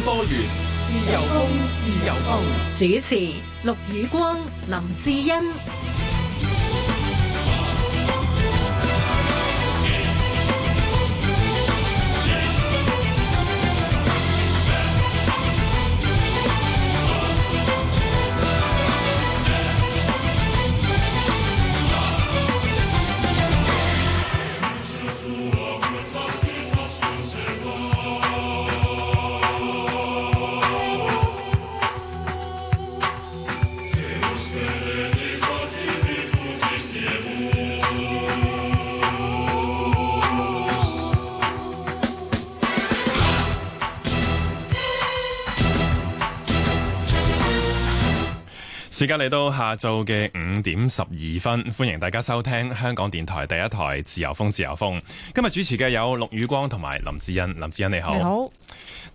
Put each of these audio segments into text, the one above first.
多元，自由風，自由風。主持：陸宇光、林志恩。時間嚟到下晝嘅五點十二分，歡迎大家收聽香港電台第一台自由風。自由風今日主持嘅有陸宇光同埋林志恩。林志恩你好，你好。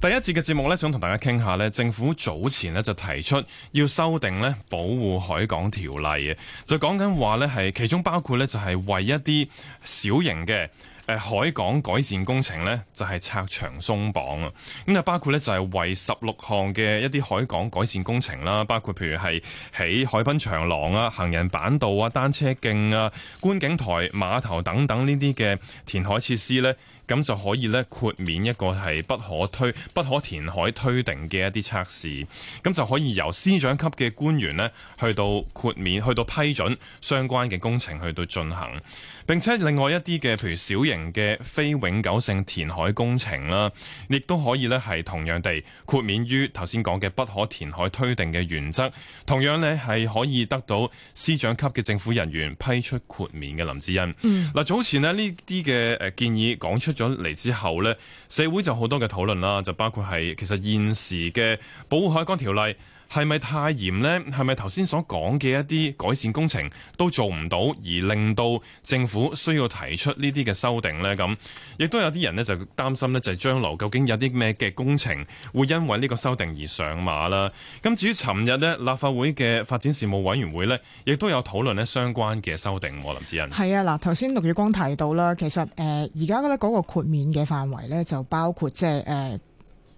第一次嘅節目呢，想同大家傾下呢，政府早前呢就提出要修訂呢保護海港條例嘅，就講緊話呢係其中包括呢，就係為一啲小型嘅。誒海港改善工程呢，就係拆牆鬆綁啊！咁啊，包括呢，就係為十六項嘅一啲海港改善工程啦，包括譬如係起海濱長廊啊、行人板道啊、單車徑啊、觀景台、碼頭等等呢啲嘅填海設施呢。咁就可以咧，豁免一個係不可推、不可填海推定嘅一啲測試，咁就可以由司長級嘅官員咧去到豁免，去到批准相關嘅工程去到進行。並且另外一啲嘅譬如小型嘅非永久性填海工程啦，亦都可以咧係同樣地豁免於頭先講嘅不可填海推定嘅原則，同樣咧係可以得到司長級嘅政府人員批出豁免嘅林志恩。嗱、嗯、早前咧呢啲嘅誒建議講出。咗嚟之後，呢社會就好多嘅討論啦，就包括係其實現時嘅保護海港條例。係咪太嚴呢？係咪頭先所講嘅一啲改善工程都做唔到，而令到政府需要提出呢啲嘅修訂呢？咁亦都有啲人呢，就擔心呢，就係將來究竟有啲咩嘅工程會因為呢個修訂而上馬啦？咁至於尋日呢，立法會嘅發展事務委員會呢，亦都有討論呢相關嘅修訂。我林子恩係啊，嗱，頭先陸宇光提到啦，其實誒而家咧嗰個豁免嘅範圍呢，就包括即係誒。就是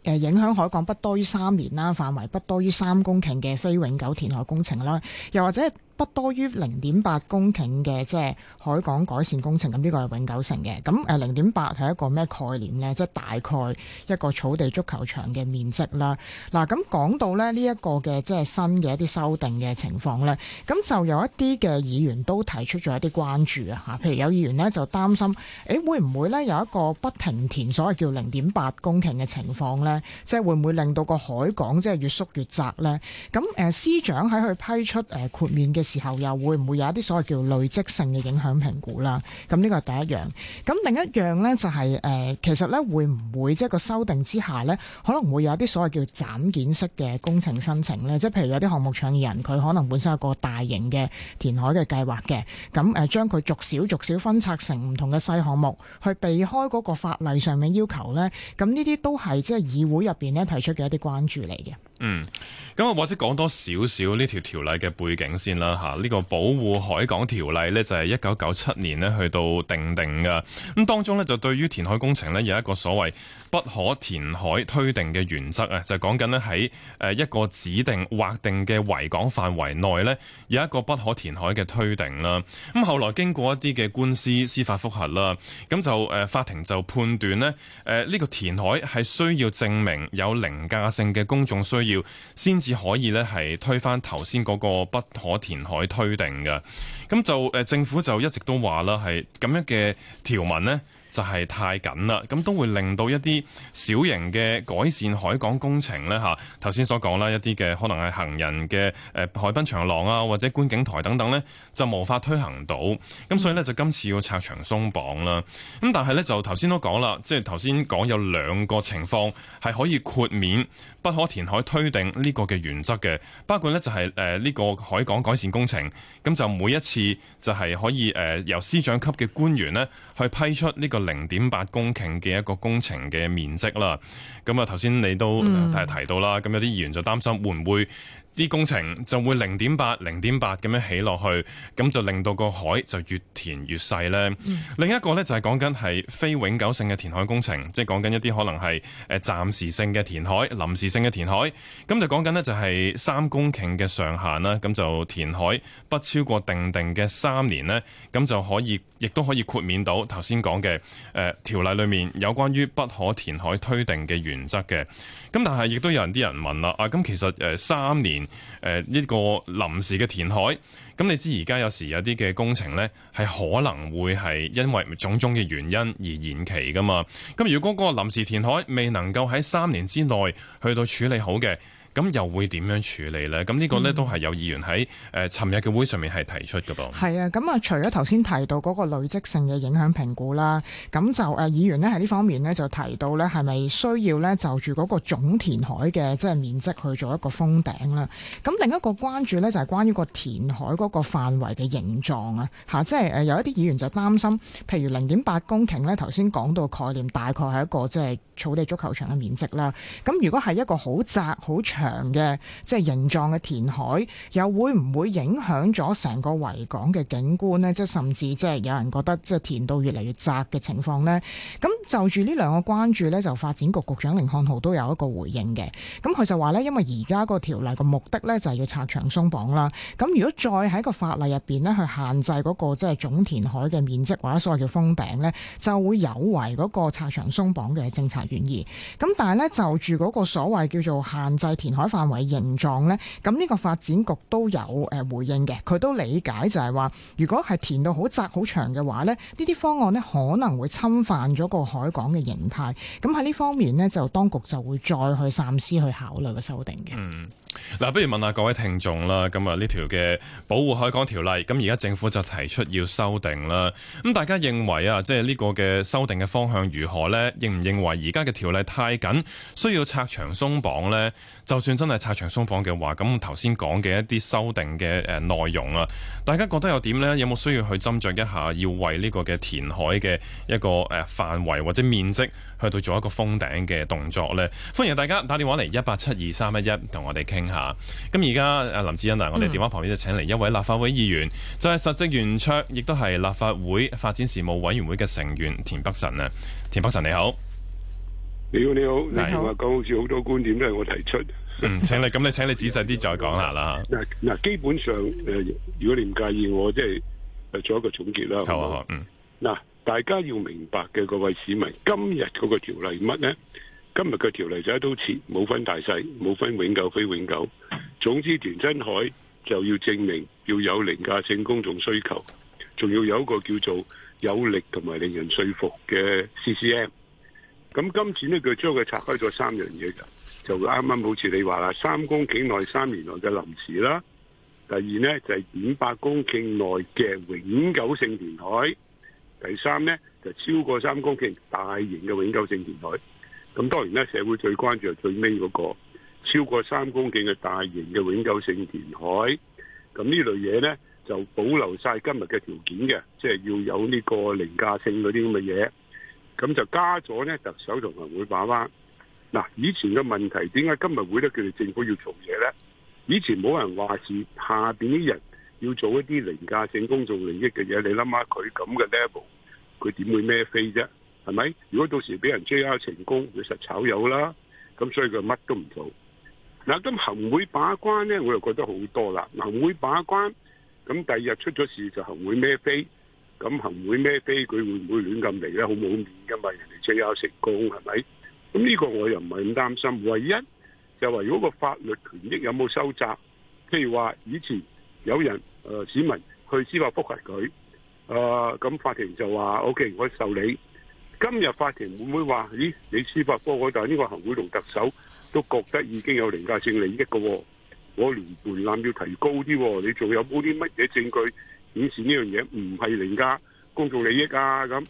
誒影響海港不多於三年啦，範圍不多於三公頃嘅非永久填海工程啦，又或者，不多於零點八公頃嘅即係海港改善工程，咁呢個係永久性嘅。咁誒零點八係一個咩概念咧？即係大概一個草地足球場嘅面積啦。嗱，咁講到咧呢一個嘅即係新嘅一啲修訂嘅情況咧，咁就有一啲嘅議員都提出咗一啲關注啊。吓，譬如有議員咧就擔心，誒會唔會咧有一個不停填所謂叫零點八公頃嘅情況咧？即係會唔會令到個海港即係越縮越窄咧？咁誒司長喺佢批出誒豁免嘅。時候又會唔會有一啲所謂叫累積性嘅影響評估啦？咁呢個係第一樣。咁另一樣呢就係、是、誒、呃，其實呢會唔會即係、就是、個修訂之下呢，可能會有一啲所謂叫斬件式嘅工程申請呢？即係譬如有啲項目倡議人，佢可能本身有個大型嘅填海嘅計劃嘅，咁誒、呃、將佢逐少逐少分拆成唔同嘅細項目，去避開嗰個法例上面要求呢。咁呢啲都係即係議會入邊呢提出嘅一啲關注嚟嘅。嗯，咁啊或者講多少少呢條條例嘅背景先啦吓，呢個保護海港條例呢，就係一九九七年呢去到定定㗎。咁當中呢，就對於填海工程呢，有一個所謂。不可填海推定嘅原則啊，就講緊咧喺誒一個指定劃定嘅維港範圍內咧，有一個不可填海嘅推定啦。咁後來經過一啲嘅官司司法覆核啦，咁就誒法庭就判斷咧，誒、這、呢個填海係需要證明有凌駕性嘅公眾需要，先至可以咧係推翻頭先嗰個不可填海推定嘅。咁就誒政府就一直都話啦，係咁樣嘅條文咧。就係太緊啦，咁都會令到一啲小型嘅改善海港工程呢，吓頭先所講啦，一啲嘅可能係行人嘅誒海濱長廊啊，或者觀景台等等呢，就無法推行到。咁所以呢，就今次要拆牆鬆綁啦。咁但係呢，就頭先都講啦，即係頭先講有兩個情況係可以豁免。不可填海推定呢個嘅原則嘅，包括呢就係誒呢個海港改善工程，咁就每一次就係可以誒由司長級嘅官員呢去批出呢個零點八公頃嘅一個工程嘅面積啦。咁啊頭先你都提到啦，咁、嗯、有啲議員就擔心會唔會啲工程就會零點八、零點八咁樣起落去，咁就令到個海就越填越細呢、嗯、另一個呢，就係講緊係非永久性嘅填海工程，即係講緊一啲可能係誒暫時性嘅填海、臨時性嘅填海。咁就講緊呢，就係三公頃嘅上限啦，咁就填海不超過定定嘅三年呢，咁就可以，亦都可以豁免到頭先講嘅誒條例裏面有關於不可填海推定嘅原則嘅。咁但係亦都有人啲人問啦，啊咁其實誒三年。誒，呢、呃這個臨時嘅填海，咁你知而家有時有啲嘅工程呢係可能會係因為種種嘅原因而延期噶嘛。咁如果嗰個臨時填海未能夠喺三年之內去到處理好嘅。咁又會點樣處理呢？咁呢個呢，嗯、都係有議員喺誒尋日嘅會上面係提出㗎噃。係啊，咁啊，除咗頭先提到嗰個累積性嘅影響評估啦，咁就誒、呃、議員呢喺呢方面呢，就提到呢係咪需要呢？就住嗰個總填海嘅即係面積去做一個封頂啦。咁另一個關注呢，就係、是、關於個填海嗰個範圍嘅形狀啊，吓、就是，即、呃、係有一啲議員就擔心，譬如零點八公頃呢，頭先講到概念大概係一個即係草地足球場嘅面積啦。咁如果係一個好窄好長，強嘅即係形狀嘅填海，又會唔會影響咗成個維港嘅景觀咧？即係甚至即係有人覺得即係填到越嚟越窄嘅情況咧。咁就住呢兩個關注咧，就發展局局長甯漢豪都有一個回應嘅。咁佢就話咧，因為而家個條例嘅目的咧就係要拆牆鬆綁啦。咁如果再喺個法例入邊咧去限制嗰個即係總填海嘅面積或者所謂叫封頂咧，就會有違嗰個拆牆鬆綁嘅政策原意。咁但係咧就住嗰個所謂叫做限制填海範圍形狀呢，咁呢個發展局都有誒回應嘅，佢都理解就係話，如果係填到好窄好長嘅話呢，呢啲方案呢可能會侵犯咗個海港嘅形態。咁喺呢方面呢，就當局就會再去三思去考慮個修訂嘅。嗯。嗱、啊，不如問下各位聽眾啦。咁啊，呢條嘅保護海港條例，咁而家政府就提出要修訂啦。咁大家認為啊，即係呢個嘅修訂嘅方向如何呢？認唔認為而家嘅條例太緊，需要拆牆鬆綁呢？就算真係拆牆鬆綁嘅話，咁頭先講嘅一啲修訂嘅誒內容啊，大家覺得又點呢？有冇需要去斟酌一下，要為呢個嘅填海嘅一個誒範圍或者面積，去到做一個封頂嘅動作呢？歡迎大家打電話嚟一八七二三一一，同我哋傾。吓，咁而家阿林志恩啊，我哋電話旁邊，就請嚟一位立法會議員，嗯、就係實政圓桌，亦都係立法會發展事務委員會嘅成員田北辰啊，田北辰，田北辰你，好你好，你好你好，你話講好似好多觀點都係我提出，嗯，請你咁 你請你仔細啲再講下啦，嗱嗱，基本上誒，如果你唔介意，我即係做一個總結啦，啊，嗯，嗱，大家要明白嘅各位市民，今日嗰個條例乜呢？今日嘅條例就一刀切，冇分大細，冇分永久非永久。總之，填真海就要證明要有凌駕性公眾需求，仲要有一個叫做有力同埋令人說服嘅 CCM。咁今次呢，佢將佢拆開咗三樣嘢就啱啱好似你話啦，三公頃內三年內嘅臨時啦。第二呢，就係五百公頃內嘅永久性填海。第三呢，就超過三公頃大型嘅永久性填海。咁當然咧，社會最關注係最尾嗰個超過三公頃嘅大型嘅永久性填海，咁呢類嘢咧就保留晒今日嘅條件嘅，即係要有呢個凌駕性嗰啲咁嘅嘢，咁就加咗咧特首同行會把關。嗱，以前嘅問題點解今日會得叫做政府要做嘢咧？以前冇人話事，下邊啲人要做一啲凌駕性公眾利益嘅嘢，你諗下佢咁嘅 level，佢點會孭飛啫？係咪？如果到時俾人追加成功，佢實炒魷啦。咁所以佢乜都唔做。嗱，咁行會把關咧，我又覺得好多啦。行會把關，咁第二日出咗事就行會咩飛？咁行會咩飛？佢會唔會亂咁嚟咧？好冇面噶嘛？人哋追加成功係咪？咁呢個我又唔係咁擔心。唯一就話如果個法律權益有冇收窄，譬如話以前有人誒、呃、市民去司法覆核佢，誒、呃、咁法庭就話 OK，我受理。今日法庭會唔會話？咦，你司法方嗰度呢個行會同特首都覺得已經有凌駕性利益嘅喎、哦？我連門檻要提高啲、哦，你仲有冇啲乜嘢證據顯示呢樣嘢唔係凌駕公眾利益啊？咁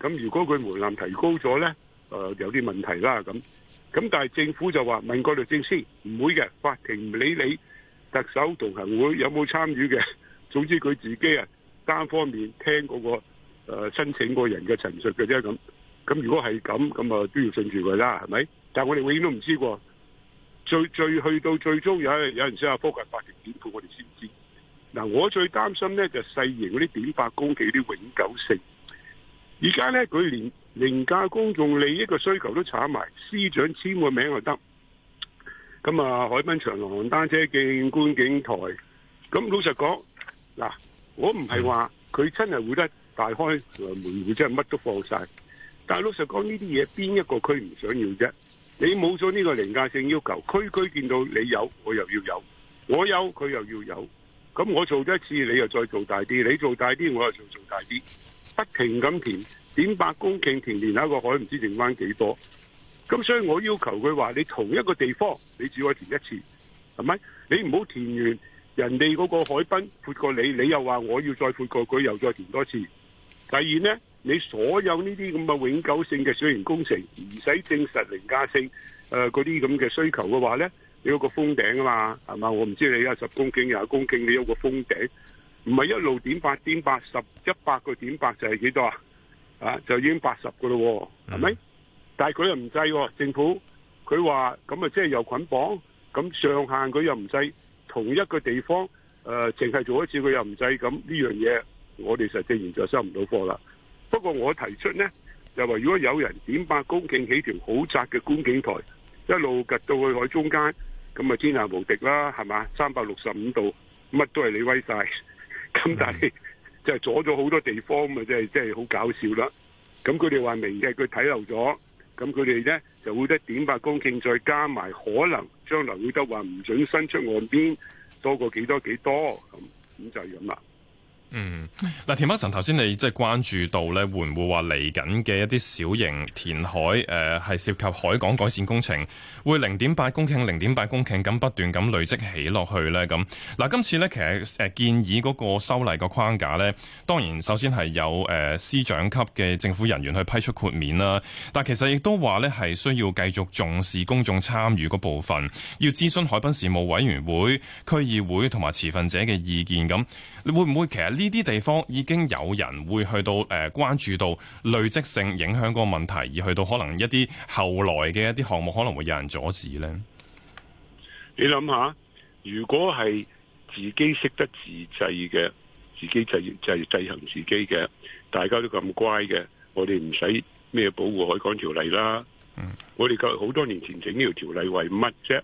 咁如果佢門檻提高咗呢，誒、呃、有啲問題啦咁。咁但係政府就話問過律政司：「唔會嘅，法庭唔理你特首同行會有冇參與嘅。」總之佢自己啊單方面聽嗰、那個、呃、申請個人嘅陳述嘅啫咁。咁如果係咁，咁啊都要順住佢啦，係咪？但係我哋永遠都唔知喎。最最去到最終，有有陣時啊，科法庭檢控我哋先知。嗱，我最擔心呢就係、細型嗰啲點百工企啲永久性。而家呢佢連凌駕公眾利益嘅需求都炒埋，司長簽個名就得。咁啊，海濱長廊單車徑、觀景台，咁老實講，嗱，我唔係話佢真係會得大開門戶，會真係乜都放晒。但係老實講，呢啲嘢，邊一個區唔想要啫？你冇咗呢個凌駕性要求，區區見到你有，我又要有，我有佢又要有，咁我做咗一次，你又再做大啲，你做大啲，我又再做，做大啲，不停咁填，點百公頃填，填下個海唔知剩翻？幾多？咁所以我要求佢話，你同一個地方，你只可以填一次，係咪？你唔好填完，人哋嗰個海濱闊過你，你又話我要再闊過佢，佢又再填多次。第二呢？你所有呢啲咁嘅永久性嘅小型工程，唔使證實凌駕性，誒嗰啲咁嘅需求嘅話咧，你有個封頂啊嘛，係嘛？我唔知你有十公頃、廿公頃，你有個封頂，唔係一路點八點八十一百個點八就係幾多啊？啊，就已經八十個咯喎，係咪？Mm hmm. 但係佢又唔制喎，政府佢話咁啊，即係又捆綁，咁上限佢又唔制。同一個地方誒淨係做一次佢又唔制。咁呢樣嘢我哋實際現在就收唔到貨啦。不過我提出呢，就話如果有人點八公頃起條好窄嘅觀景台，一路及到去海中間，咁啊天下無敵啦，係嘛？三百六十五度，乜都係你威晒。咁 但係就係、阻咗好多地方，咪即係即係好搞笑啦。咁佢哋話明嘅，佢睇漏咗。咁佢哋呢，就會得點八公頃，再加埋可能將來會得話唔準伸出岸邊多過幾多幾多，咁咁就係咁啦。嗯，嗱，田北辰，頭先你即係關注到咧，會唔會話嚟緊嘅一啲小型填海，誒、呃、係涉及海港改善工程，會零點八公頃、零點八公頃咁不斷咁累積起落去咧？咁嗱，今次咧其實誒、呃、建議嗰個修例個框架咧，當然首先係有誒、呃、司長級嘅政府人員去批出豁免啦，但其實亦都話咧係需要繼續重視公眾參與個部分，要諮詢海濱事務委員會、區議會同埋持份者嘅意見咁，你會唔會其實呢？呢啲地方已經有人會去到誒、呃，關注到累積性影響嗰個問題，而去到可能一啲後來嘅一啲項目，可能會有人阻止呢。你諗下，如果係自己識得自制嘅，自己制制制，制衡自己嘅，大家都咁乖嘅，我哋唔使咩保護海港條例啦。嗯、我哋夠好多年前整呢條條例為乜啫？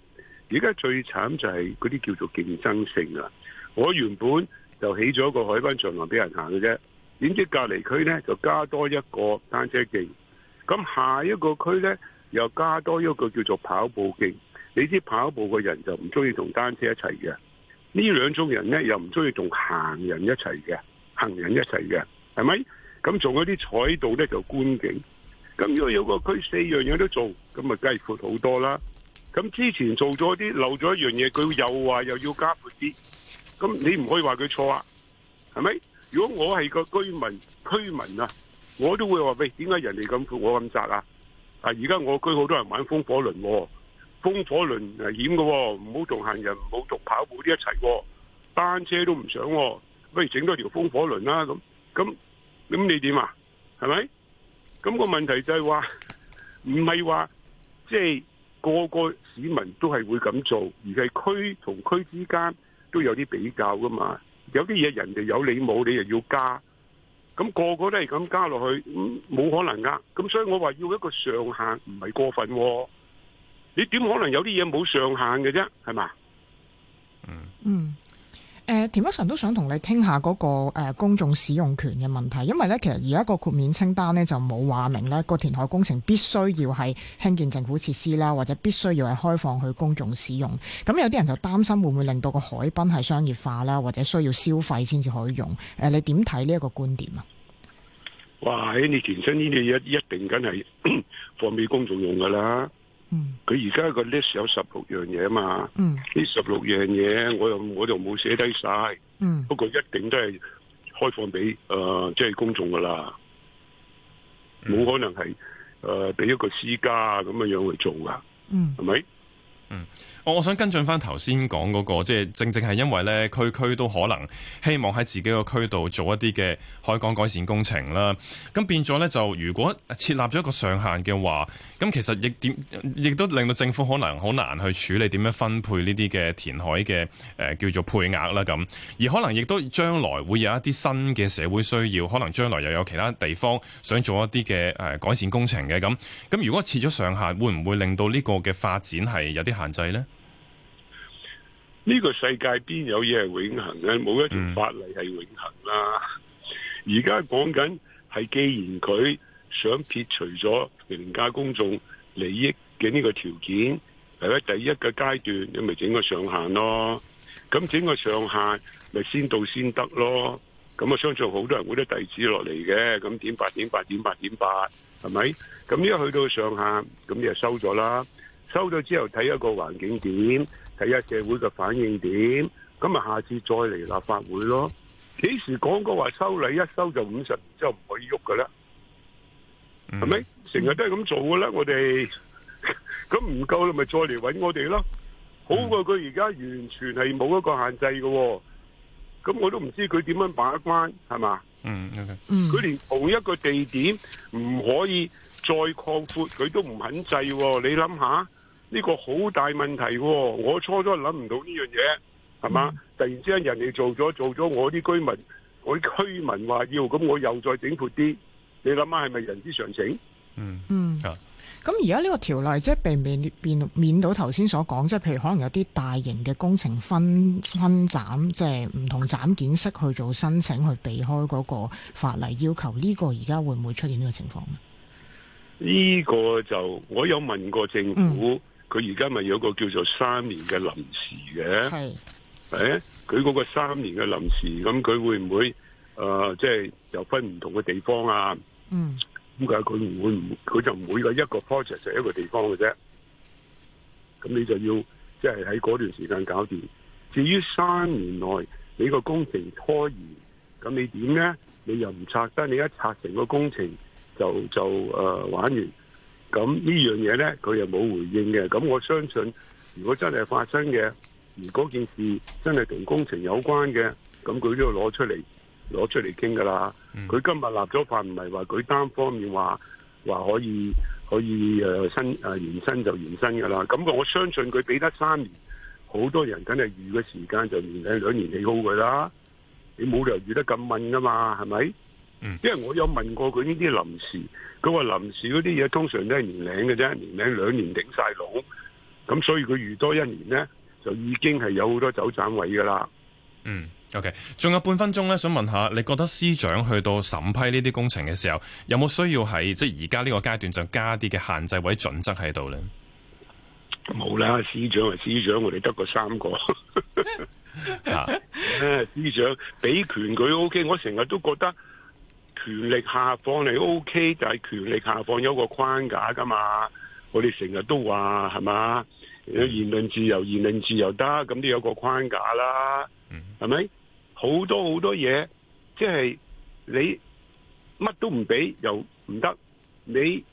而家最慘就係嗰啲叫做競爭性啊！我原本。就起咗個海濱長廊俾人行嘅啫，點知隔離區呢，就加多一個單車徑，咁下一個區呢，又加多一個叫做跑步徑。你知跑步嘅人就唔中意同單車一齊嘅，呢兩種人呢，又唔中意同行人一齊嘅，行人一齊嘅係咪？咁仲有啲彩道呢，就觀景，咁如果有個區四樣嘢都做，咁咪計闊好多啦。咁之前做咗啲漏咗一樣嘢，佢又話又要加闊啲。咁你唔可以話佢錯啊，係咪？如果我係個居民，區民啊，我都會話喂，點解人哋咁闊，我咁窄啊？啊！而家我區好多人玩風火輪喎，風火輪危險嘅喎，唔好同行人，唔好同跑步啲一齊喎，單車都唔想喎，不如整多條風火輪啦咁。咁咁你點啊？係咪？咁個問題就係話，唔係話即係個個市民都係會咁做，而係區同區之間。都有啲比較㗎嘛，有啲嘢人哋有你冇，你又要加，咁、那個個都係咁加落去，冇、嗯、可能㗎。咁所以我話要一個上限，唔係過分。你點可能有啲嘢冇上限嘅啫？係嘛？嗯。嗯。誒、呃，田北辰都想同你傾下嗰、那個誒、呃、公眾使用權嘅問題，因為咧其實而家個豁免清單咧就冇話明咧個填海工程必須要係興建政府設施啦，或者必須要係開放去公眾使用。咁有啲人就擔心會唔會令到個海濱係商業化啦，或者需要消費先至可以用。誒、呃，你點睇呢一個觀點啊？哇，你填新呢，你一一定梗係放俾公眾用噶啦。佢而家個 list 有十六樣嘢嘛，呢十六樣嘢我又我又冇寫低晒，嗯、不過一定都係開放俾誒即係公眾噶啦，冇、嗯、可能係誒俾一個私家咁樣樣去做噶，係咪？我想跟進翻頭先講嗰個，即係正正係因為咧，區區都可能希望喺自己個區度做一啲嘅海港改善工程啦。咁變咗咧，就如果設立咗一個上限嘅話，咁其實亦點亦都令到政府可能好難去處理點樣分配呢啲嘅填海嘅、呃、叫做配額啦。咁而可能亦都將來會有一啲新嘅社會需要，可能將來又有其他地方想做一啲嘅改善工程嘅。咁咁如果設咗上限，會唔會令到呢個嘅發展係有啲限制呢？呢個世界邊有嘢係永恆嘅？冇一條法例係永恆啦。而家講緊係，在在的是既然佢想撇除咗民間公眾利益嘅呢個條件，係咪第一個階段？你咪整個上限咯。咁整個上限咪先到先得咯。咁啊，相信好多人會得遞紙落嚟嘅。咁點八點八點八點八，係咪？咁一去到上限，咁就收咗啦。收咗之後睇一個環境點。睇下社會嘅反應點，咁咪下次再嚟立法會咯。幾時講過話收禮一收就五十年，之後唔可以喐嘅咧？係咪成日都係咁做嘅咧？我哋咁唔夠你咪再嚟揾我哋咯。好過佢而家完全係冇一個限制嘅，咁我都唔知佢點樣把關係嘛？嗯，okay，佢連同一個地點唔可以再擴闊，佢都唔肯制喎。你諗下？呢個好大問題喎、哦！我初初諗唔到呢樣嘢，係嘛？嗯、突然之間人哋做咗做咗，我啲居民，我啲居民話要，咁我又再整闊啲。你諗下係咪人之常情？嗯嗯。咁而家呢個條例即係避免免免到頭先所講，即係譬如可能有啲大型嘅工程分分斬，即係唔同斬件式去做申請，去避開嗰個法例要求。呢個而家會唔會出現呢個情況？呢個就我有問過政府。嗯。佢而家咪有個叫做三年嘅臨時嘅，係是，誒、欸，佢嗰個三年嘅臨時，咁佢會唔會誒，即係又分唔同嘅地方啊？嗯，咁佢佢會唔佢就唔會個一個 project 就一個地方嘅啫，咁你就要即係喺嗰段時間搞掂。至於三年內你個工程拖延，咁你點咧？你又唔拆得？你一拆成個工程就就誒、呃、玩完。咁呢樣嘢呢，佢又冇回應嘅。咁我相信，如果真係發生嘅，如果件事真係同工程有關嘅，咁佢都要攞出嚟，攞出嚟傾噶啦。佢、嗯、今日立咗法，唔係話佢單方面話話可以可以誒、呃、新啊、呃、延伸就延伸噶啦。咁我相信佢俾得三年，好多人梗係預嘅時間就延兩年幾好。佢啦。你冇理由預得咁問噶嘛，係咪？嗯、因為我有問過佢呢啲臨時，佢話臨時嗰啲嘢，通常都係年零嘅啫，年零兩年頂晒老，咁所以佢預多一年呢，就已經係有好多走盞位噶啦。嗯，OK，仲有半分鐘呢，想問一下，你覺得司長去到審批呢啲工程嘅時候，有冇需要喺即係而家呢個階段就加啲嘅限制位準則喺度呢？冇啦，司長啊，司長，我哋得過三個司長俾權佢 OK，我成日都覺得。權力下放係 OK，就係權力下放有一個框架噶嘛。我哋成日都話係嘛，言論自由言論自由得，咁都有個框架啦，係咪？mm hmm. 好多好多嘢，即係你乜都唔俾又唔得，你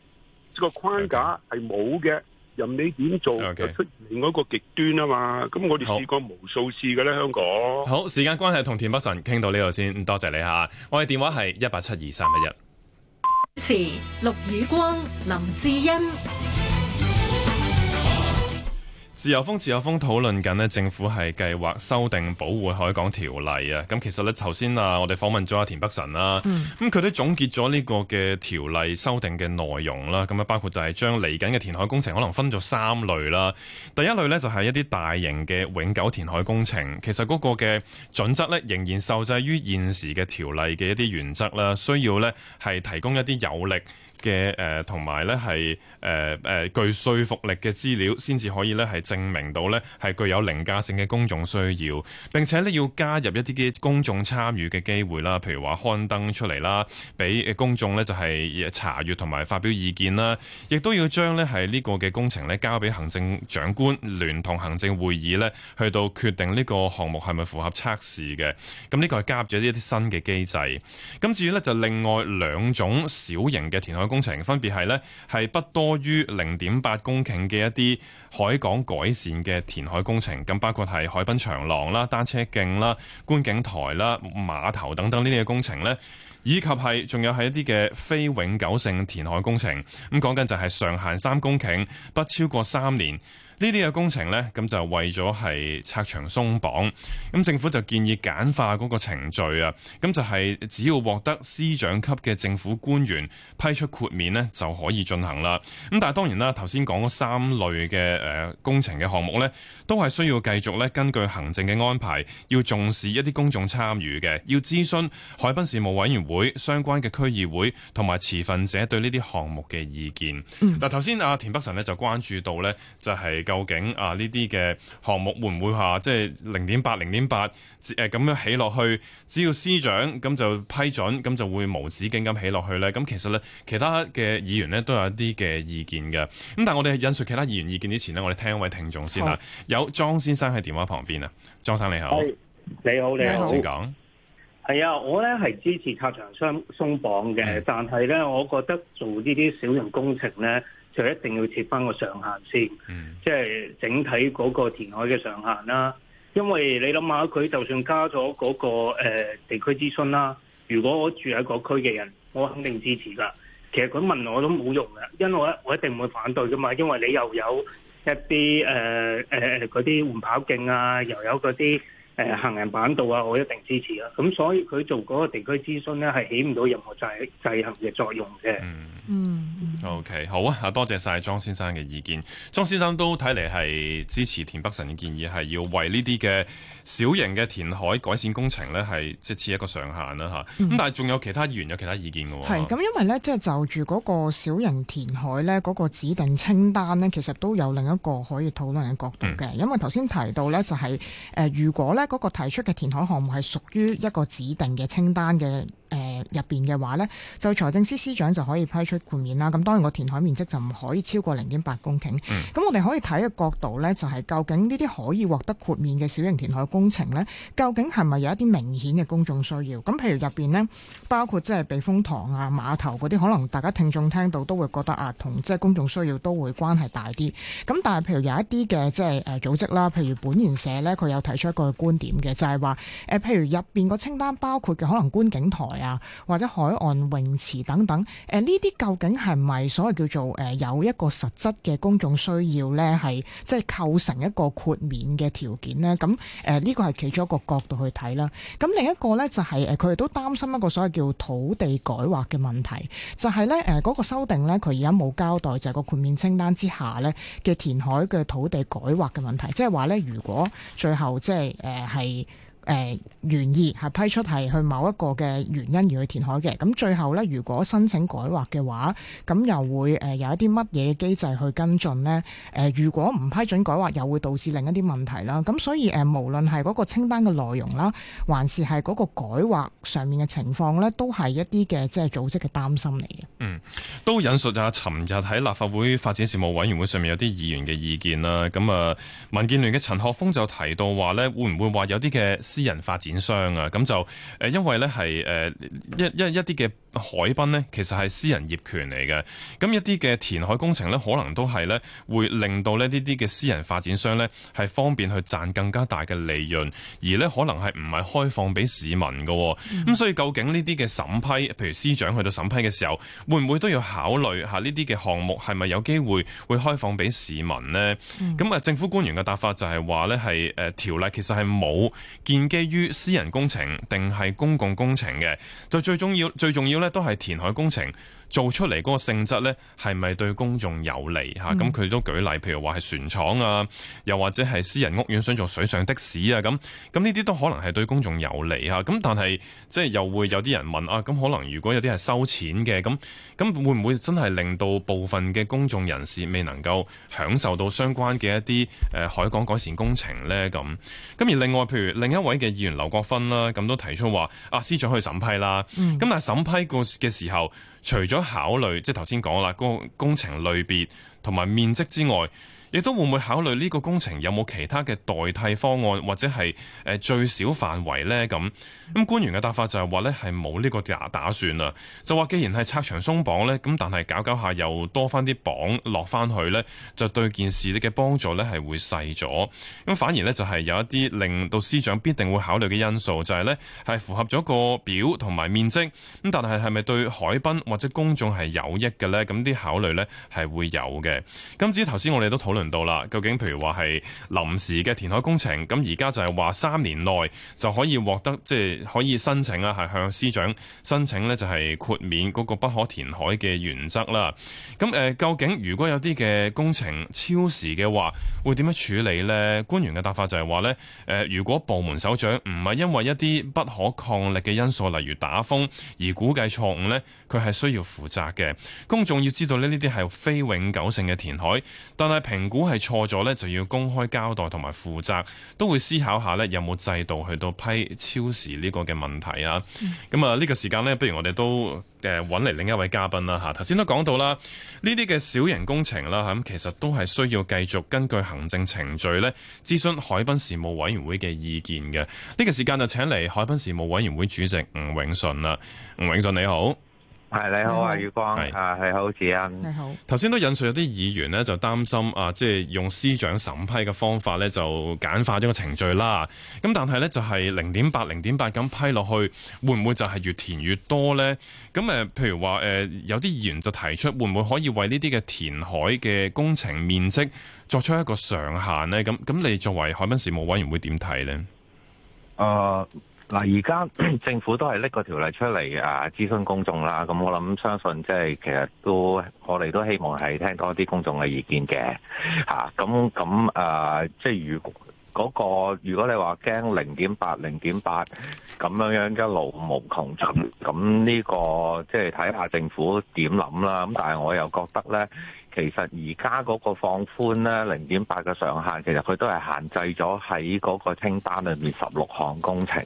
這個框架係冇嘅。任你點做，出現另外一個極端啊嘛！咁我哋試過無數次㗎啦。香港。好時間關係，同田北辰傾到呢度先，多謝你嚇。我嘅電話係一八七二三一一。詞：陸雨光、林志恩。自由風自由風討論緊呢，政府係計劃修訂保護海港條例啊。咁其實呢頭先啊，我哋訪問咗阿田北辰啦，咁佢都總結咗呢個嘅條例修訂嘅內容啦。咁啊，包括就係將嚟緊嘅填海工程可能分咗三類啦。第一類呢，就係一啲大型嘅永久填海工程，其實嗰個嘅準則呢仍然受制於現時嘅條例嘅一啲原則啦，需要呢係提供一啲有力嘅誒同埋咧係誒誒具說服力嘅資料，先至可以咧係證明到咧係具有凌駕性嘅公眾需要。並且咧要加入一啲嘅公眾參與嘅機會啦，譬如話刊登出嚟啦，俾誒公眾咧就係查閱同埋發表意見啦。亦都要將咧係呢個嘅工程咧，交俾行政長官聯同行政會議咧去到決定呢個項目係咪符合測試嘅。咁呢個係加入咗一啲新嘅機制。咁至於咧就另外兩種小型嘅填海。工程分別係呢，係不多於零點八公頃嘅一啲海港改善嘅填海工程，咁包括係海濱長廊啦、單車徑啦、觀景台啦、碼頭等等呢啲嘅工程呢，以及係仲有係一啲嘅非永久性填海工程，咁講緊就係上限三公頃，不超過三年。呢啲嘅工程呢，咁就為咗係拆牆鬆綁，咁政府就建議簡化嗰個程序啊，咁就係只要獲得司長級嘅政府官員批出豁免呢，就可以進行啦。咁但係當然啦，頭先講嗰三類嘅、呃、工程嘅項目呢，都係需要繼續咧根據行政嘅安排，要重視一啲公眾參與嘅，要諮詢海濱事務委員會、相關嘅區議會同埋持份者對呢啲項目嘅意見。嗱、嗯，頭先阿田北辰呢就關注到呢，就係、是。究竟啊呢啲嘅項目會唔會話即係零點八零點八誒咁樣起落去？只要司長咁就批准，咁就會無止境咁起落去咧？咁其實咧，其他嘅議員咧都有一啲嘅意見嘅。咁但係我哋引述其他議員意見之前呢，我哋聽一位聽眾先啦。Oh. 有莊先生喺電話旁邊啊，莊生你好，oh, 你好。你好你好。我先講。係啊，我咧係支持拆牆鬆綁嘅，mm. 但係咧我覺得做呢啲小型工程咧。就一定要設翻個上限先，嗯、即係整體嗰個填海嘅上限啦、啊。因為你諗下，佢就算加咗嗰、嗰個、呃、地區諮詢啦，如果我住喺嗰區嘅人，我肯定支持㗎。其實佢問我都冇用㗎，因為我我一定唔會反對㗎嘛。因為你又有一啲嗰啲緩跑徑啊，又有嗰啲。誒行人板道啊，我一定支持啊。咁所以佢做嗰個地區諮詢咧，係起唔到任何制制衡嘅作用嘅。嗯嗯。O、okay, K，好啊，多謝晒莊先生嘅意見。莊先生都睇嚟係支持田北辰嘅建議，係要為呢啲嘅小型嘅填海改善工程咧，係即設一個上限啦，吓、嗯。咁但係仲有其他議員有其他意見嘅喎。係咁，因為咧，即係就住、係、嗰個小型填海咧，嗰、嗰個指定清單咧，其實都有另一個可以討論嘅角度嘅。嗯、因為頭先提到咧，就係、係、誒、呃、如果咧。嗰個提出嘅填海項目係屬於一個指定嘅清單嘅，誒入面嘅話呢，就財政司司長就可以批出豁免啦。咁當然個填海面積就唔可以超過零點八公頃。咁、嗯、我哋可以睇嘅角度呢，就係、是、究竟呢啲可以獲得豁免嘅小型填海工程呢，究竟係咪有一啲明顯嘅公眾需要？咁譬如入面呢，包括即係避風塘啊、碼頭嗰啲，可能大家聽眾聽到都會覺得啊，同即係公眾需要都會關係大啲。咁但係譬如有一啲嘅即係呃組織啦，譬如本研社呢，佢有提出一個觀點嘅，就係、是、話、呃、譬如入面個清單包括嘅可能觀景台。啊，或者海岸泳池等等，誒呢啲究竟係咪所謂叫做誒、呃、有一個實質嘅公眾需要咧？係即係構成一個豁免嘅條件咧？咁誒呢個係其中一個角度去睇啦。咁、嗯、另一個咧就係誒佢哋都擔心一個所謂叫土地改劃嘅問題，就係咧誒嗰個修訂咧，佢而家冇交代就係、是、個豁免清單之下咧嘅填海嘅土地改劃嘅問題，即係話咧如果最後即係誒係。呃誒、呃、原意係批出係去某一個嘅原因而去填海嘅，咁最後呢，如果申請改劃嘅話，咁又會誒有一啲乜嘢機制去跟進呢？誒、呃，如果唔批准改劃，又會導致另一啲問題啦。咁所以誒、呃，無論係嗰個清單嘅內容啦，還是係嗰個改劃上面嘅情況呢，都係一啲嘅即係組織嘅擔心嚟嘅。嗯，都引述下尋日喺立法會發展事務委員會上面有啲議員嘅意見啦。咁啊、呃，民建聯嘅陳學鋒就提到話呢，會唔會話有啲嘅？私人發展商啊，咁就誒因為咧係誒一一一啲嘅。海濱呢，其實係私人業權嚟嘅。咁一啲嘅填海工程呢，可能都係咧，會令到呢啲嘅私人發展商呢係方便去賺更加大嘅利潤，而呢可能係唔係開放俾市民嘅。咁、嗯、所以究竟呢啲嘅審批，譬如司長去到審批嘅時候，會唔會都要考慮吓呢啲嘅項目係咪有機會會開放俾市民呢，咁啊、嗯，政府官員嘅答法就係話咧，係誒、呃、條例其實係冇建基於私人工程定係公共工程嘅。就最重要最重要咧。都係填海工程。做出嚟嗰個性質咧，係咪對公眾有利吓，咁佢都舉例，譬如話，係船廠啊，又或者係私人屋苑想做水上的士啊，咁咁呢啲都可能係對公眾有利嚇、啊。咁但係即係又會有啲人問啊，咁可能如果有啲係收錢嘅，咁咁會唔會真係令到部分嘅公眾人士未能夠享受到相關嘅一啲誒海港改善工程咧？咁咁而另外，譬如另一位嘅議員劉國勳啦，咁都提出話啊，司長去審批啦。咁、嗯、但係審批過嘅時候。除咗考慮，即係頭先講啦，嗰個工程類別同埋面積之外，亦都會唔會考慮呢個工程有冇其他嘅代替方案，或者係最少範圍呢？咁咁官員嘅答法就係話呢：「係冇呢個打算啦。就話既然係拆牆鬆綁呢，咁但係搞搞下又多翻啲綁落翻去呢，就對件事你嘅幫助呢係會細咗。咁反而呢，就係有一啲令到司長必定會考慮嘅因素，就係、是、呢係符合咗個表同埋面積。咁但係係咪對海濱或者公眾係有益嘅呢？咁啲考慮呢係會有嘅。至於頭先我哋都討。輪到啦，究竟譬如話係臨時嘅填海工程，咁而家就係話三年內就可以獲得，即係可以申請啊，係向司長申請咧，就係豁免嗰個不可填海嘅原則啦。咁誒、呃，究竟如果有啲嘅工程超時嘅話，會點樣處理咧？官員嘅答法就係話咧，誒、呃，如果部門首長唔係因為一啲不可抗力嘅因素，例如打風而估計錯誤咧，佢係需要負責嘅。公眾要知道咧，呢啲係非永久性嘅填海，但係平。如果係錯咗呢，就要公開交代同埋負責，都會思考下呢，有冇制度去到批超時呢個嘅問題啊？咁啊、嗯，呢個時間呢，不如我哋都誒揾嚟另一位嘉賓啦嚇。頭先都講到啦，呢啲嘅小型工程啦嚇，其實都係需要繼續根據行政程序呢，諮詢海濱事務委員會嘅意見嘅。呢、呢個時間就請嚟海濱事務委員會主席吳永順啦，吳永順，吳永順你好。係你好啊，宇光，係你好，光是啊、好子恩，你好。頭先都引述有啲議員呢，就擔心啊，即係用司長審批嘅方法呢，就簡化咗個程序啦。咁但係呢，就係零點八、零點八咁批落去，會唔會就係越填越多呢？咁誒，譬如話誒，有啲議員就提出，會唔會可以為呢啲嘅填海嘅工程面積作出一個上限呢？咁咁，你作為海濱事務委員會點睇呢？啊、呃！嗱，而家政府都係拎個條例出嚟啊，諮詢公眾啦。咁我諗相信即係，其實都我哋都希望係聽多啲公眾嘅意見嘅嚇。咁咁誒，即係如果嗰、嗰個，如果你話驚零點八、零點八咁樣樣一路無窮盡，咁呢、呢個即係睇下政府點諗啦。咁但係我又覺得咧。其實而家嗰個放寬咧，零點八嘅上限，其實佢都係限制咗喺嗰個清單裏面十六項工程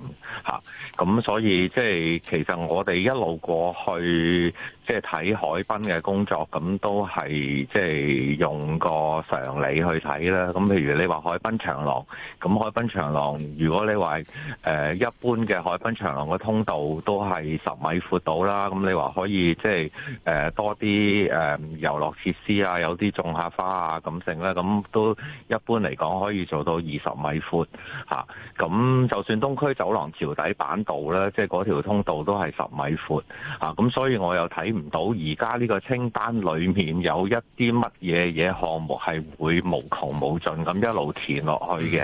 嚇。咁所以即係其實我哋一路過去即係睇海濱嘅工作，咁都係即係用個常理去睇啦。咁譬如你話海濱長廊，咁海濱長廊如果你話係一般嘅海濱長廊嘅通道都係十米闊到啦，咁你話可以即係誒多啲誒遊樂設施。啊！有啲種下花啊，咁剩咧，咁都一般嚟講可以做到二十米闊吓。咁就算東區走廊橋底板道咧，即係嗰條通道都係十米闊吓。咁所以我又睇唔到而家呢個清單裡面有一啲乜嘢嘢項目係會無窮無盡咁一路填落去嘅。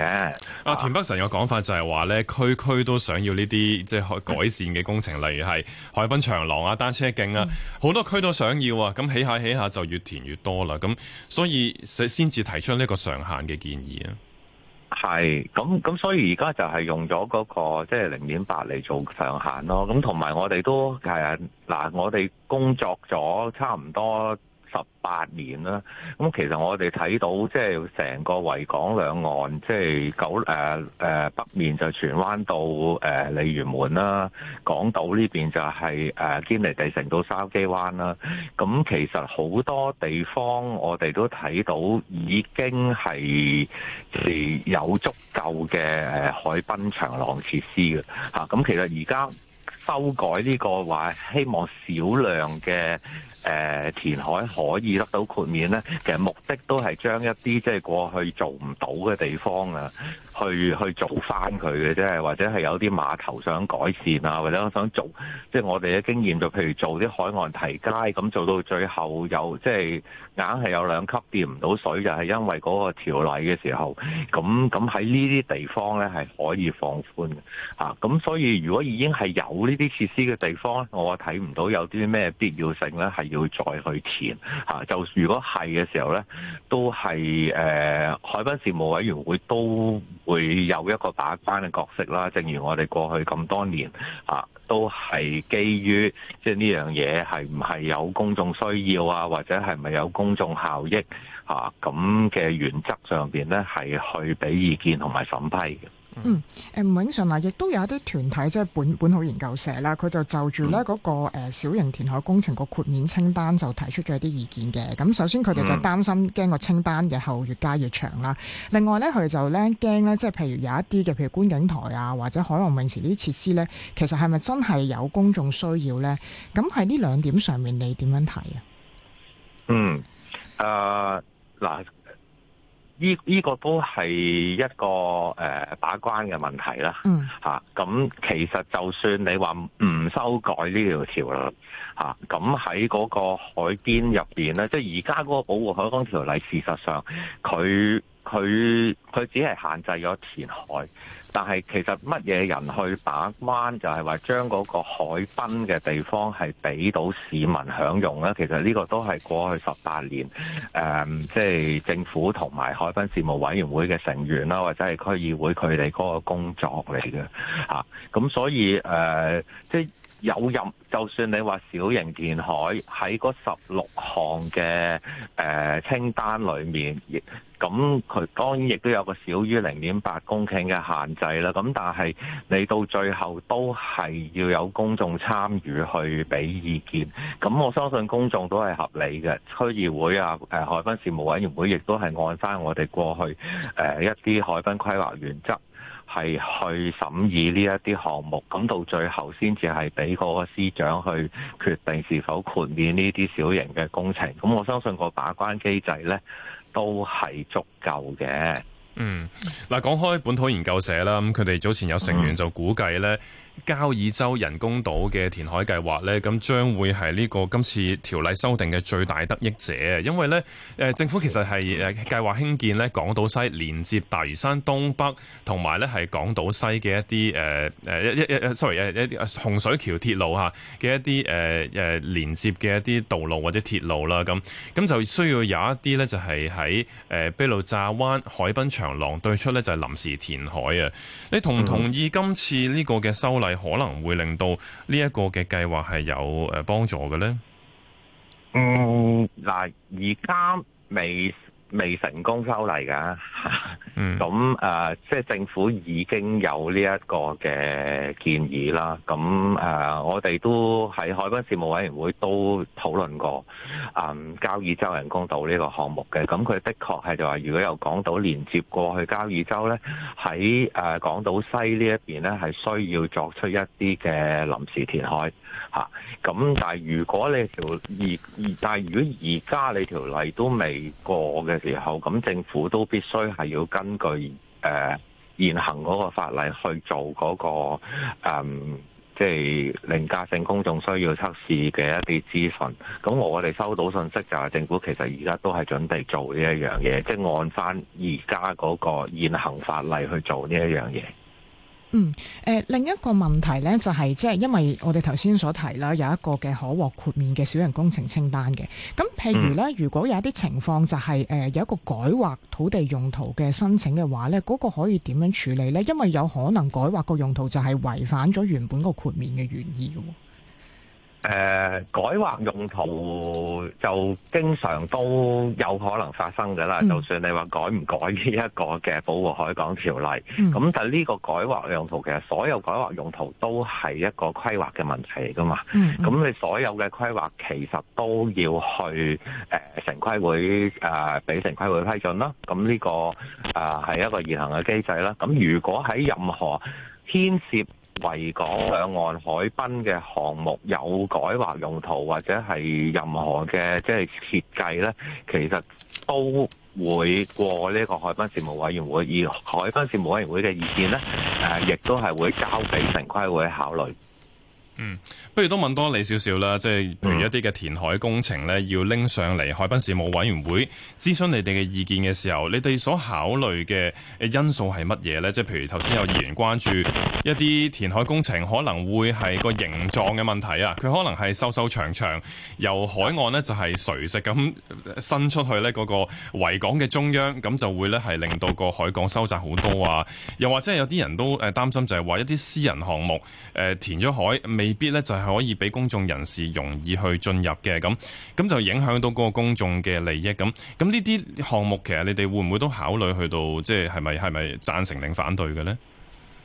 啊，田北辰嘅講法就係話咧，區區都想要呢啲即係改善嘅工程，是例如係海濱長廊啊、單車徑啊，好、嗯、多區都想要啊。咁起下起下就越填越。多啦，咁所以先至提出呢個上限嘅建議啊。係，咁咁所以而家就係用咗嗰個即係零點八嚟做上限咯。咁同埋我哋都係啊嗱，我哋工作咗差唔多。十八年啦，咁其實我哋睇到即係成個維港兩岸，即、就、係、是、九誒誒、呃、北面就荃灣到誒鯉魚門啦，港島呢邊就係誒堅尼地城到筲箕灣啦。咁其實好多地方我哋都睇到已經係係有足夠嘅誒海濱長廊設施嘅吓，咁其實而家修改呢、這個話希望少量嘅。誒、呃、填海可以得到豁免咧，其實目的都係將一啲即係過去做唔到嘅地方啊，去做去做翻佢嘅啫，或者係有啲碼頭想改善啊，或者我想做，即係我哋嘅經驗就譬如做啲海岸堤街，咁做到最後有即係硬係有兩級跌唔到水，就係因為嗰個條例嘅時候，咁咁喺呢啲地方咧係可以放寬嘅，咁所以如果已經係有呢啲設施嘅地方，我睇唔到有啲咩必要性咧要再去填嚇、啊，就如果係嘅時候呢都係誒、啊、海濱事務委員會都會有一個把關嘅角色啦。正如我哋過去咁多年嚇、啊，都係基於即係呢樣嘢係唔係有公眾需要啊，或者係唔係有公眾效益嚇咁嘅原則上邊呢，係去俾意見同埋審批嘅。嗯，誒吳永順啊，亦都有一啲團體，即係本本土研究社啦，佢就就住咧嗰個小型填海工程個豁免清單，就提出咗一啲意見嘅。咁首先佢哋就擔心驚個清單日後越加越長啦。另外咧佢就咧驚咧，即係譬如有一啲嘅，譬如觀景台啊，或者海岸泳池呢啲設施咧，其實係咪真係有公眾需要咧？咁喺呢兩點上面，你點樣睇啊？嗯，誒、呃、嗱。呢依、這個都係一個誒把、呃、關嘅問題啦，嚇咁、嗯啊、其實就算你話唔修改呢條條例，嚇咁喺嗰個海邊入邊咧，即係而家嗰個保護海港條例，事實上佢，它佢佢只係限制咗填海，但係其實乜嘢人去把關就係話將嗰個海濱嘅地方係俾到市民享用啦。其實呢個都係過去十八年誒、呃，即係政府同埋海濱事務委員會嘅成員啦，或者係區議會佢哋嗰個工作嚟嘅嚇。咁、啊、所以誒、呃，即係。有任就算你話小型填海喺嗰十六項嘅誒清單裏面，咁佢當然亦都有個小於零點八公頃嘅限制啦。咁但係你到最後都係要有公眾參與去俾意見。咁我相信公眾都係合理嘅。區議會啊、呃，海濱事務委員會亦都係按翻我哋過去誒、呃、一啲海濱規劃原則。係去審議呢一啲項目，咁到最後先至係俾個司長去決定是否豁免呢啲小型嘅工程。咁我相信個把關機制呢都係足夠嘅。嗯，嗱，講開本土研究社啦，咁佢哋早前有成員就估計咧，交椅洲人工島嘅填海計劃咧，咁將會係呢個今次條例修訂嘅最大得益者，因為咧，誒政府其實係誒計劃興建咧港島西連接大嶼山東北，同埋咧係港島西嘅一啲誒誒一一一，sorry，一啲洪水橋鐵路吓嘅一啲誒誒連接嘅一啲道路或者鐵路啦，咁咁就需要有一啲咧就係喺誒卑路乍灣海濱場。狼對出呢就係臨時填海啊。你同唔同意今次呢個嘅修例可能會令到呢一個嘅計劃係有誒幫助嘅呢？嗯，嗱，而家未。未成功修例噶，咁、嗯、啊，即、就、係、是、政府已經有呢一個嘅建議啦。咁啊，我哋都喺海濱事務委員會都討論過啊、嗯，交椅洲人工島呢個項目嘅。咁佢的確係就話，如果由港島連接過去交椅洲呢，喺港島西呢一邊呢，係需要作出一啲嘅臨時填海咁、啊、但係如果你條而而但係如果而家你條例都未過嘅。時候咁，政府都必須係要根據誒、呃、現行嗰個法例去做嗰、那個即係凌駕性公眾需要測試嘅一啲資訊。咁我哋收到信息就係、是、政府其實而家都係準備做呢一樣嘢，即、就、係、是、按返而家嗰個現行法例去做呢一樣嘢。嗯，誒、呃，另一個問題咧就係，即係因為我哋頭先所提啦，有一個嘅可獲豁免嘅小型工程清單嘅，咁譬如咧，嗯、如果有啲情況就係、是，誒、呃，有一個改劃土地用途嘅申請嘅話咧，嗰、那個可以點樣處理咧？因為有可能改劃個用途就係違反咗原本個豁免嘅原意嘅。誒、呃，改劃用途就經常都有可能發生噶啦，嗯、就算你話改唔改呢一個嘅保護海港條例，咁、嗯、但呢個改劃用途，其實所有改劃用途都係一個規劃嘅問題嚟噶嘛。咁、嗯、你所有嘅規劃，其實都要去誒城、呃、規會誒俾城規會批准啦。咁呢、這個啊係、呃、一個現行嘅機制啦。咁如果喺任何牽涉維港兩岸海濱嘅項目有改劃用途或者係任何嘅、即係、設計咧，其實都會過呢個海濱事務委員會，而海濱事務委員會嘅意見咧，誒亦都係會交俾城規會考慮。嗯，不如都問多你少少啦，即係譬如一啲嘅填海工程咧，要拎上嚟海濱事務委員會諮詢你哋嘅意見嘅時候，你哋所考慮嘅因素係乜嘢咧？即係譬如頭先有議員關注一啲填海工程可能會係個形狀嘅問題啊，佢可能係收收長長由海岸咧就係垂直咁伸出去咧個維港嘅中央，咁就會咧係令到個海港收窄好多啊。又或者係有啲人都誒擔心就係話一啲私人項目誒填咗海未。未必咧就係可以俾公眾人士容易去進入嘅咁，咁就影響到嗰個公眾嘅利益咁。咁呢啲項目其實你哋會唔會都考慮去到，即係係咪係咪贊成定反對嘅呢？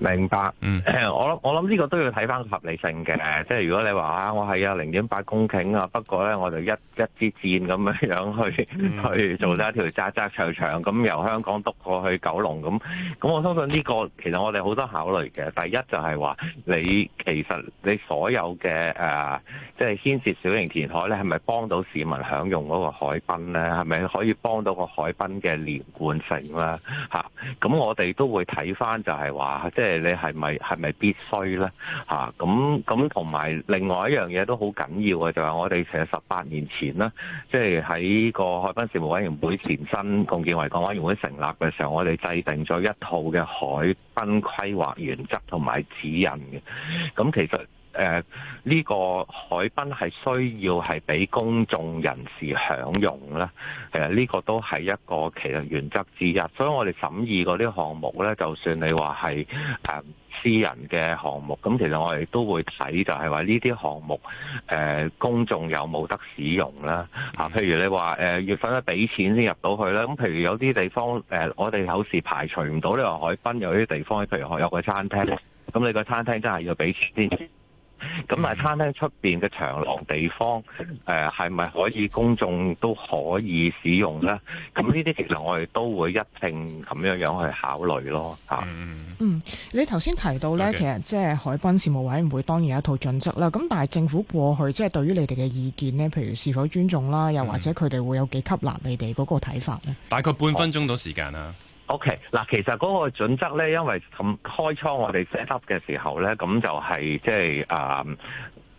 明白，嗯，我諗我諗呢個都要睇翻合理性嘅，即係如果你話啊，我係啊零點八公頃啊，不過咧我就一一支箭咁樣去、嗯、去做咗一條窄窄長長咁由香港篤過去九龍咁，咁我相信呢、這個其實我哋好多考慮嘅，第一就係話你其實你所有嘅誒，即係牽涉小型填海咧，係咪幫到市民享用嗰個海濱咧？係咪可以幫到個海濱嘅連貫性咧？吓、啊，咁我哋都會睇翻就係話即係。就是你係咪係咪必須呢？嚇、啊，咁咁同埋另外一樣嘢都好緊要嘅，就係、是、我哋其實十八年前啦，即係喺個海濱事務委員會前身共建維港委員會成立嘅時候，我哋制定咗一套嘅海濱規劃原則同埋指引嘅。咁其實。誒呢、呃這個海濱係需要係俾公眾人士享用咧。誒、呃、呢、這個都係一個其實原則之一，所以我哋審議嗰啲項目咧，就算你話係誒私人嘅項目，咁其實我哋都會睇，就係話呢啲項目誒、呃、公眾有冇得使用啦。啊，譬如你話誒月份咧，俾、呃、錢先入到去啦。咁譬如有啲地方誒、呃，我哋有時排除唔到你話海濱有啲地方譬如有個餐廳，咁你個餐廳真係要俾錢先。咁、嗯、但係餐廳出面嘅長廊地方，係、呃、咪可以公眾都可以使用咧？咁呢啲其實我哋都會一定咁樣樣去考慮咯，嗯，嗯，你頭先提到咧，Okay. 其實即係海濱事務委員會當然有一套準則啦。咁但係政府過去即係對於你哋嘅意見咧，譬如是否尊重啦，又或者佢哋會有幾吸納你哋嗰個睇法咧？嗯、大概半分鐘到時間啦。哦。OK，嗱，其實嗰個準則咧，因為咁開倉我哋 set up 嘅時候咧，咁就係、是、即係啊。Um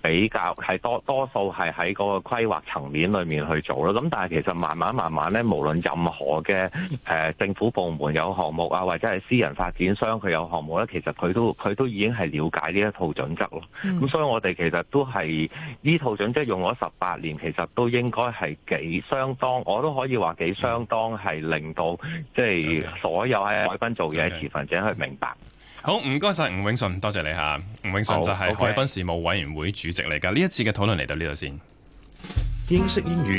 比較係多多數係喺嗰個規劃層面裏面去做咯，咁但係其實慢慢慢慢咧，無論任何嘅誒、呃、政府部門有項目啊，或者係私人發展商佢有項目咧，其實佢都佢都已經係了解呢一套準則咯。咁、嗯嗯、所以我哋其實都係呢套準則用咗十八年，其實都應該係幾相當，我都可以話幾相當係令到即係、就是、Okay. 所有喺海濱做嘢嘅持份者去明白。好，唔該晒吳永順，多謝你吓、啊。吳永順就係海濱事務委員會主席嚟噶。呢、oh, okay. 一次嘅討論嚟到呢度先。英式英語。